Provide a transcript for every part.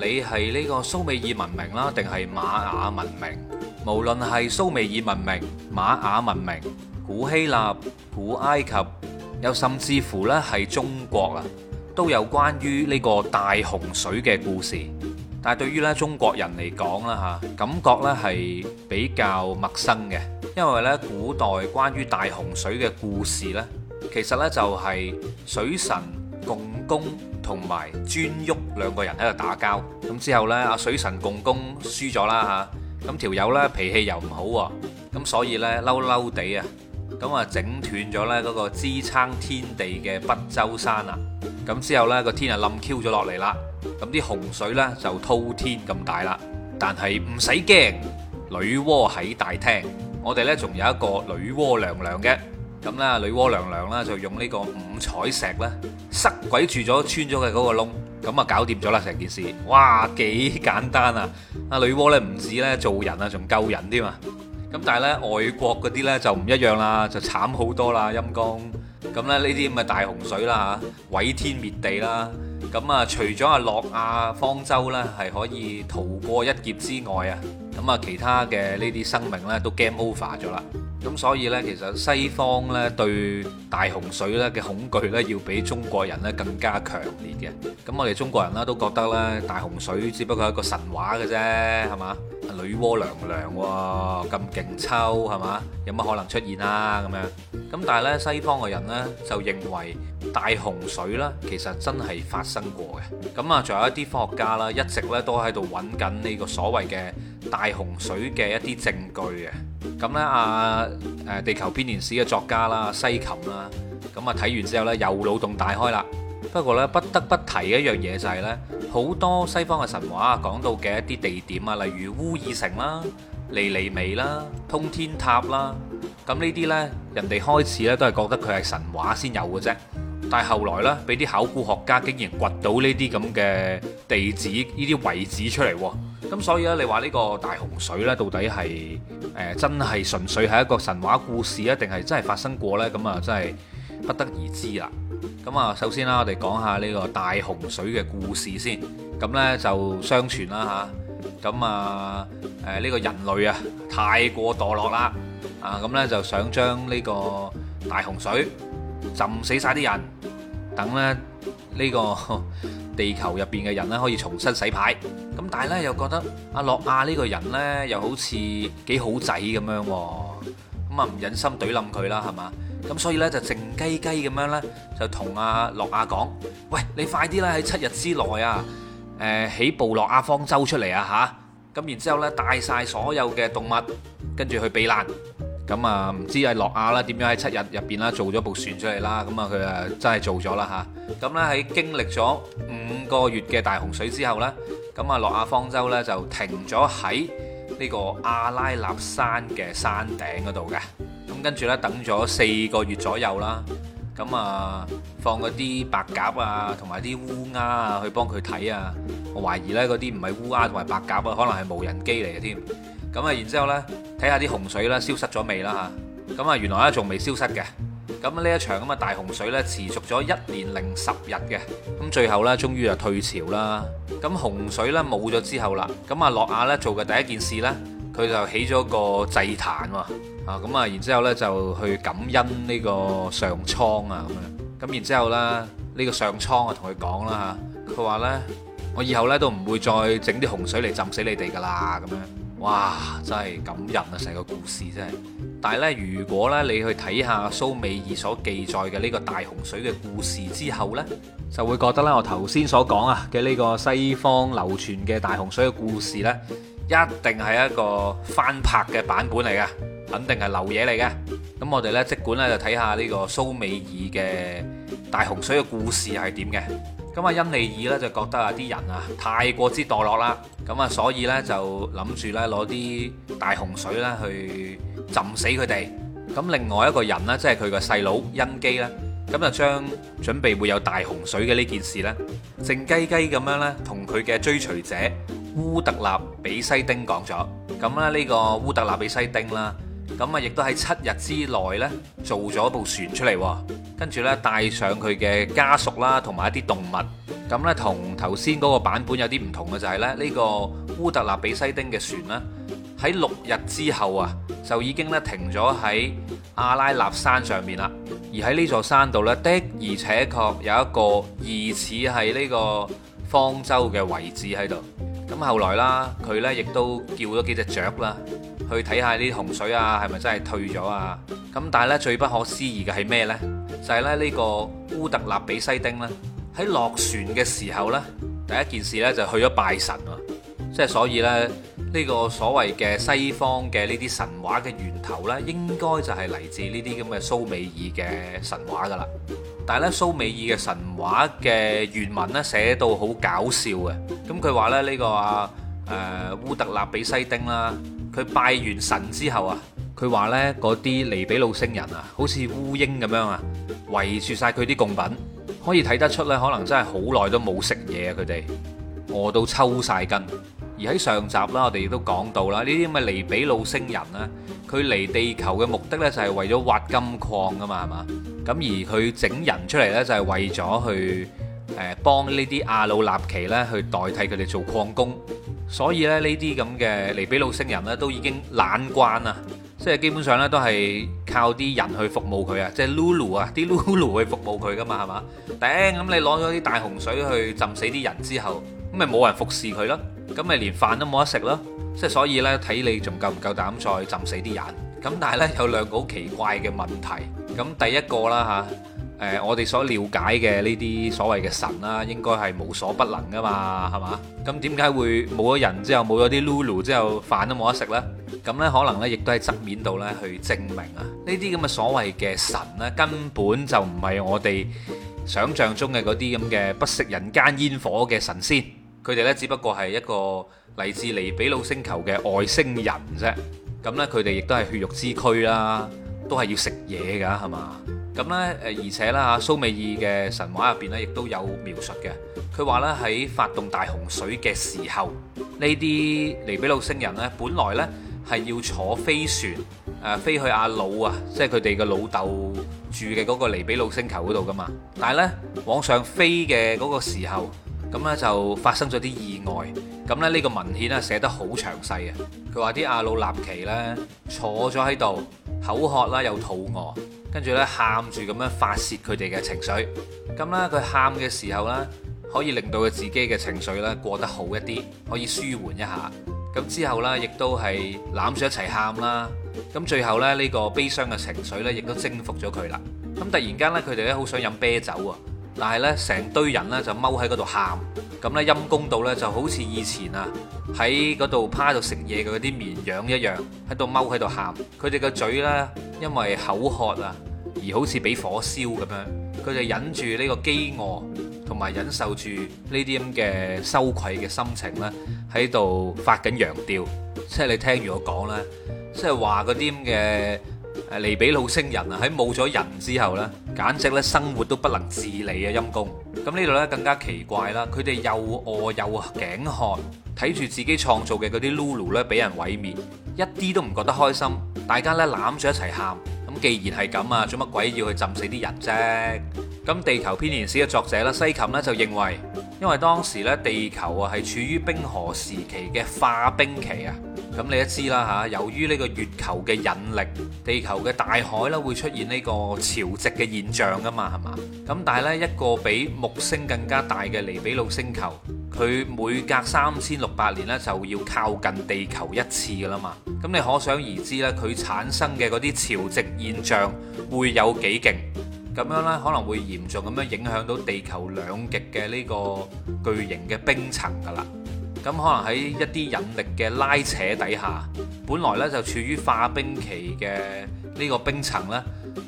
你係呢個蘇美爾文明啦，定係瑪雅文明？無論係蘇美爾文明、瑪雅文明、古希臘、古埃及，又甚至乎咧係中國啊，都有關於呢個大洪水嘅故事。但係對於咧中國人嚟講啦嚇，感覺咧係比較陌生嘅，因為咧古代關於大洪水嘅故事咧，其實咧就係水神共工。同埋顓頊兩個人喺度打交，咁之後呢，阿水神共工輸咗啦吓，咁條友呢，脾氣又唔好，咁所以呢，嬲嬲地啊，咁啊整斷咗呢嗰個支撐天地嘅不周山啊，咁之後呢，個天啊冧 Q 咗落嚟啦，咁啲洪水呢，就滔天咁大啦，但係唔使驚，女媧喺大廳，我哋呢仲有一個女媧娘娘嘅。咁啦，女媧娘娘啦就用呢個五彩石咧塞鬼住咗穿咗嘅嗰個窿，咁啊搞掂咗啦成件事，哇，幾簡單啊！阿女媧咧唔止咧做人啊，仲救人添啊！咁但係咧外國嗰啲咧就唔一樣啦，就慘好多啦，陰公咁咧呢啲咁嘅大洪水啦吓，毀天滅地啦！咁啊除咗阿諾亞方舟咧係可以逃過一劫之外啊，咁啊其他嘅呢啲生命咧都 game over 咗啦。咁所以呢，其實西方呢對大洪水呢嘅恐懼呢，要比中國人呢更加強烈嘅。咁我哋中國人啦，都覺得呢大洪水只不過係一個神話嘅啫，係嘛？女媧娘娘喎，咁勁抽係嘛？有乜可能出現啦、啊？咁樣咁，但係呢，西方嘅人呢，就認為大洪水咧其實真係發生過嘅。咁、嗯、啊，仲有一啲科學家啦，一直咧都喺度揾緊呢個所謂嘅大洪水嘅一啲證據嘅。咁、嗯、呢，啊，誒地球編年史嘅作家啦，西琴啦，咁啊睇完之後呢，又腦洞大開啦。不過咧，不得不提一樣嘢就係咧，好多西方嘅神話講到嘅一啲地點啊，例如烏爾城啦、尼尼微啦、通天塔啦，咁呢啲呢，人哋開始咧都係覺得佢係神話先有嘅啫，但係後來咧，俾啲考古學家竟然掘到呢啲咁嘅地址呢啲遺址出嚟，咁所以咧，你話呢個大洪水呢，到底係誒、呃、真係純粹係一個神話故事啊，定係真係發生過呢？咁啊，真係不得而知啊！咁啊，首先啦，我哋講下呢個大洪水嘅故事先。咁咧就相傳啦吓，咁啊誒呢個人類啊太過墮落啦，啊咁咧就想將呢個大洪水浸死晒啲人，等咧呢個地球入邊嘅人咧可以重新洗牌。咁但係咧又覺得阿諾亞呢個人咧又好似幾好仔咁樣，咁啊唔忍心懟冧佢啦，係嘛？咁所以咧就靜雞雞咁樣咧，就同阿諾亞講：喂，你快啲啦，喺七日之內啊，誒、呃、起部諾亞方舟出嚟啊吓，咁然之後咧，帶晒所有嘅動物，跟住去避難。咁、嗯、啊，唔知係諾亞啦點樣喺七日入邊啦做咗部船出嚟啦？咁、嗯、啊，佢啊真係做咗啦吓，咁咧喺經歷咗五個月嘅大洪水之後咧，咁啊諾亞方舟咧就停咗喺呢個阿拉納山嘅山頂嗰度嘅。跟住咧，等咗四個月左右啦。咁啊，放嗰啲白鴿啊，同埋啲烏鴉啊，去幫佢睇啊。我懷疑呢嗰啲唔係烏鴉同埋白鴿啊，可能係無人機嚟嘅添。咁啊，然之後呢，睇下啲洪水咧消失咗未啦嚇。咁啊，原來咧仲未消失嘅。咁呢一場咁嘅大洪水呢，持續咗一年零十日嘅。咁最後呢，終於就退潮啦。咁洪水呢，冇咗之後啦，咁啊，諾亞呢，做嘅第一件事呢，佢就起咗個祭壇喎。啊咁啊，然之後呢，就去感恩呢個上蒼啊咁樣。咁然之後呢，呢個上蒼啊同佢講啦，佢話呢，我以後呢，都唔會再整啲洪水嚟浸死你哋噶啦咁樣。哇！真係感人啊，成個故事真係。但係呢，如果咧你去睇下蘇美爾所記載嘅呢個大洪水嘅故事之後呢，就會覺得呢，我頭先所講啊嘅呢個西方流傳嘅大洪水嘅故事呢，一定係一個翻拍嘅版本嚟嘅。肯定係流嘢嚟嘅。咁我哋呢，即管呢，就睇下呢個蘇美爾嘅大洪水嘅故事係點嘅。咁啊，恩利爾呢，就覺得啊啲人啊太過之墮落啦，咁啊，所以呢，就諗住呢，攞啲大洪水呢去浸死佢哋。咁另外一個人呢，即係佢個細佬恩基呢，咁就將準備會有大洪水嘅呢件事呢，靜雞雞咁樣呢，同佢嘅追隨者烏特納比西丁講咗。咁咧呢個烏特納比西丁啦。咁啊，亦都喺七日之內呢，做咗部船出嚟，跟住呢，帶上佢嘅家屬啦，同埋一啲動物。咁呢，同頭先嗰個版本有啲唔同嘅就係咧，呢個烏特納比西丁嘅船咧，喺六日之後啊，就已經呢停咗喺阿拉納山上面啦。而喺呢座山度呢，的而且確有一個疑似係呢個方舟嘅位置喺度。咁後來啦，佢呢亦都叫咗幾隻雀啦。去睇下啲洪水啊，係咪真係退咗啊？咁但係咧，最不可思議嘅係咩呢？就係咧，呢個烏特納比西丁咧喺落船嘅時候呢，第一件事呢就去咗拜神啊，即係所以呢，呢個所謂嘅西方嘅呢啲神話嘅源頭呢，應該就係嚟自呢啲咁嘅蘇美爾嘅神話噶啦。但係呢，蘇美爾嘅神話嘅原文呢，寫到好搞笑嘅，咁佢話咧，呢個啊誒烏特納比西丁啦。佢拜完神之後啊，佢話呢嗰啲尼比魯星人啊，好似烏蠅咁樣啊，圍住晒佢啲供品，可以睇得出呢可能真係好耐都冇食嘢啊，佢哋餓到抽晒筋。而喺上集啦，我哋亦都講到啦，呢啲咁嘅尼比魯星人啊，佢嚟地球嘅目的呢，就係為咗挖金礦㗎嘛，係嘛？咁而佢整人出嚟呢，就係為咗去誒幫呢啲阿魯納奇呢，去代替佢哋做礦工。所以咧，呢啲咁嘅尼比魯星人咧，都已經懶慣啦，即係基本上咧都係靠啲人去服務佢啊，即係 Lulu 啊，啲 Lulu 去服務佢噶嘛，係嘛？頂咁、嗯、你攞咗啲大洪水去浸死啲人之後，咁咪冇人服侍佢咯，咁咪連飯都冇得食咯，即係所以呢，睇你仲夠唔夠膽再浸死啲人？咁但係呢，有兩個好奇怪嘅問題，咁第一個啦吓。誒、呃，我哋所了解嘅呢啲所謂嘅神啦、啊，應該係無所不能噶嘛，係嘛？咁點解會冇咗人之後，冇咗啲 Lulu 之後飯都冇得食呢？咁呢，可能呢，亦都喺側面度呢去證明啊，呢啲咁嘅所謂嘅神呢、啊，根本就唔係我哋想象中嘅嗰啲咁嘅不食人間煙火嘅神仙，佢哋呢，只不過係一個嚟自尼比魯星球嘅外星人啫。咁呢，佢哋亦都係血肉之軀啦、啊，都係要食嘢㗎，係嘛？咁呢，誒而且啦嚇，蘇美爾嘅神話入邊呢，亦都有描述嘅。佢話呢，喺發動大洪水嘅時候，呢啲尼比魯星人呢，本來呢係要坐飛船誒、啊、飛去阿魯啊，即係佢哋嘅老豆住嘅嗰個尼比魯星球嗰度噶嘛。但係呢，往上飛嘅嗰個時候，咁呢就發生咗啲意外。咁咧，呢個文獻呢，寫得好詳細啊。佢話啲阿魯納奇呢，坐咗喺度，口渴啦又肚餓。跟住呢喊住咁樣發泄佢哋嘅情緒。咁呢，佢喊嘅時候呢，可以令到佢自己嘅情緒呢過得好一啲，可以舒緩一下。咁之後呢，亦都係攬住一齊喊啦。咁最後呢，呢個悲傷嘅情緒呢，亦都征服咗佢啦。咁突然間呢，佢哋呢好想飲啤酒啊！但係咧，成堆人咧就踎喺嗰度喊，咁咧陰公度咧就好似以前啊喺嗰度趴度食嘢嘅嗰啲綿羊一樣，喺度踎喺度喊，佢哋嘅嘴咧因為口渴啊而好似俾火燒咁樣，佢哋忍住呢個飢餓同埋忍受住呢啲咁嘅羞愧嘅心情咧喺度發緊羊吊，即係你聽住我講咧，即係話嗰啲咁嘅。尼比魯星人啊！喺冇咗人之後咧，簡直咧生活都不能自理啊！陰功咁呢度咧更加奇怪啦！佢哋又餓又頸渴，睇住自己創造嘅嗰啲 Lulu 咧俾人毀滅，一啲都唔覺得開心。大家呢攬住一齊喊。咁既然係咁啊，做乜鬼要去浸死啲人啫？咁地球編年史嘅作者咧，西琴呢，就認為，因為當時呢地球啊係處於冰河時期嘅化冰期啊。咁你都知啦嚇，由於呢個月球嘅引力，地球嘅大海呢會出現呢個潮汐嘅現象噶嘛，係嘛？咁但係呢一個比木星更加大嘅尼比魯星球，佢每隔三千六百年呢就要靠近地球一次噶啦嘛。咁你可想而知呢佢產生嘅嗰啲潮汐現象會有幾勁？咁樣呢可能會嚴重咁樣影響到地球兩極嘅呢個巨型嘅冰層噶啦。咁可能喺一啲引力嘅拉扯底下，本來呢就處於化冰期嘅呢個冰層呢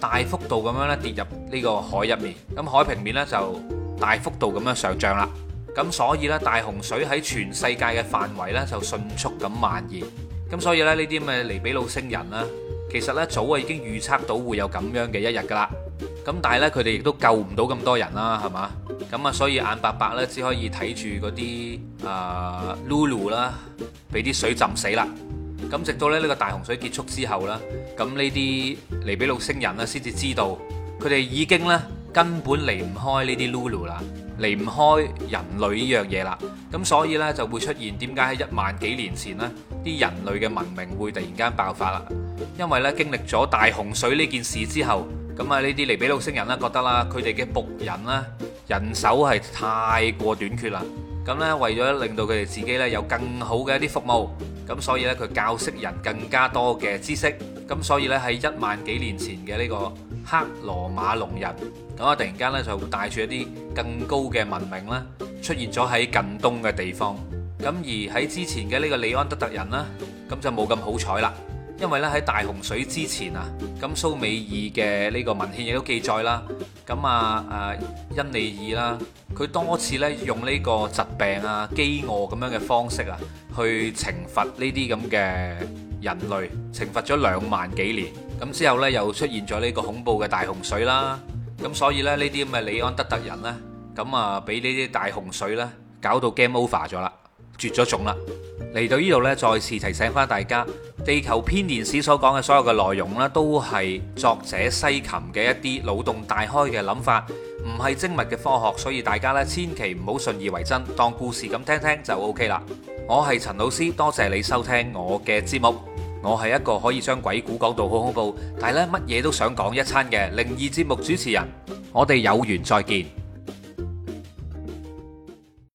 大幅度咁樣咧跌入呢個海入面，咁海平面呢就大幅度咁樣上漲啦。咁所以呢，大洪水喺全世界嘅範圍呢就迅速咁蔓延。咁所以呢，呢啲咪尼比魯星人啦，其實呢，早啊已經預測到會有咁樣嘅一日噶啦。咁但係咧，佢哋亦都救唔到咁多人啦，係嘛。咁啊，所以眼白白咧，只可以睇住嗰啲啊 Lulu 啦，俾啲水浸死啦。咁直到咧呢個大洪水結束之後啦，咁呢啲尼比魯星人啦，先至知道佢哋已經呢，根本離唔開呢啲 Lulu 啦，離唔開人類呢樣嘢啦。咁所以呢，就會出現點解喺一萬幾年前呢，啲人類嘅文明會突然間爆發啦？因為呢，經歷咗大洪水呢件事之後。咁啊，呢啲尼比魯星人啦，覺得啦，佢哋嘅僕人啦，人手係太過短缺啦。咁咧，為咗令到佢哋自己咧有更好嘅一啲服務，咁所以咧，佢教識人更加多嘅知識。咁所以咧喺一萬幾年前嘅呢個黑羅馬農人，咁啊突然間咧就會帶住一啲更高嘅文明啦，出現咗喺近東嘅地方。咁而喺之前嘅呢個利安德特人啦，咁就冇咁好彩啦。因為咧喺大洪水之前啊，咁蘇美爾嘅呢個文獻亦都記載啦。咁啊，誒恩利爾啦，佢多次咧用呢個疾病啊、饑餓咁樣嘅方式啊，去懲罰呢啲咁嘅人類，懲罰咗兩萬幾年。咁之後咧又出現咗呢個恐怖嘅大洪水啦。咁所以咧呢啲咁嘅李安德特人咧，咁啊俾呢啲大洪水咧搞到 game over 咗啦，絕咗種啦。嚟到呢度咧，再次提醒翻大家。地球編年史所講嘅所有嘅內容咧，都係作者西琴嘅一啲腦洞大開嘅諗法，唔係精密嘅科學，所以大家咧千祈唔好信以為真，當故事咁聽聽就 OK 啦。我係陳老師，多謝你收聽我嘅節目。我係一個可以將鬼故講到好恐怖，但係咧乜嘢都想講一餐嘅靈異節目主持人。我哋有緣再見。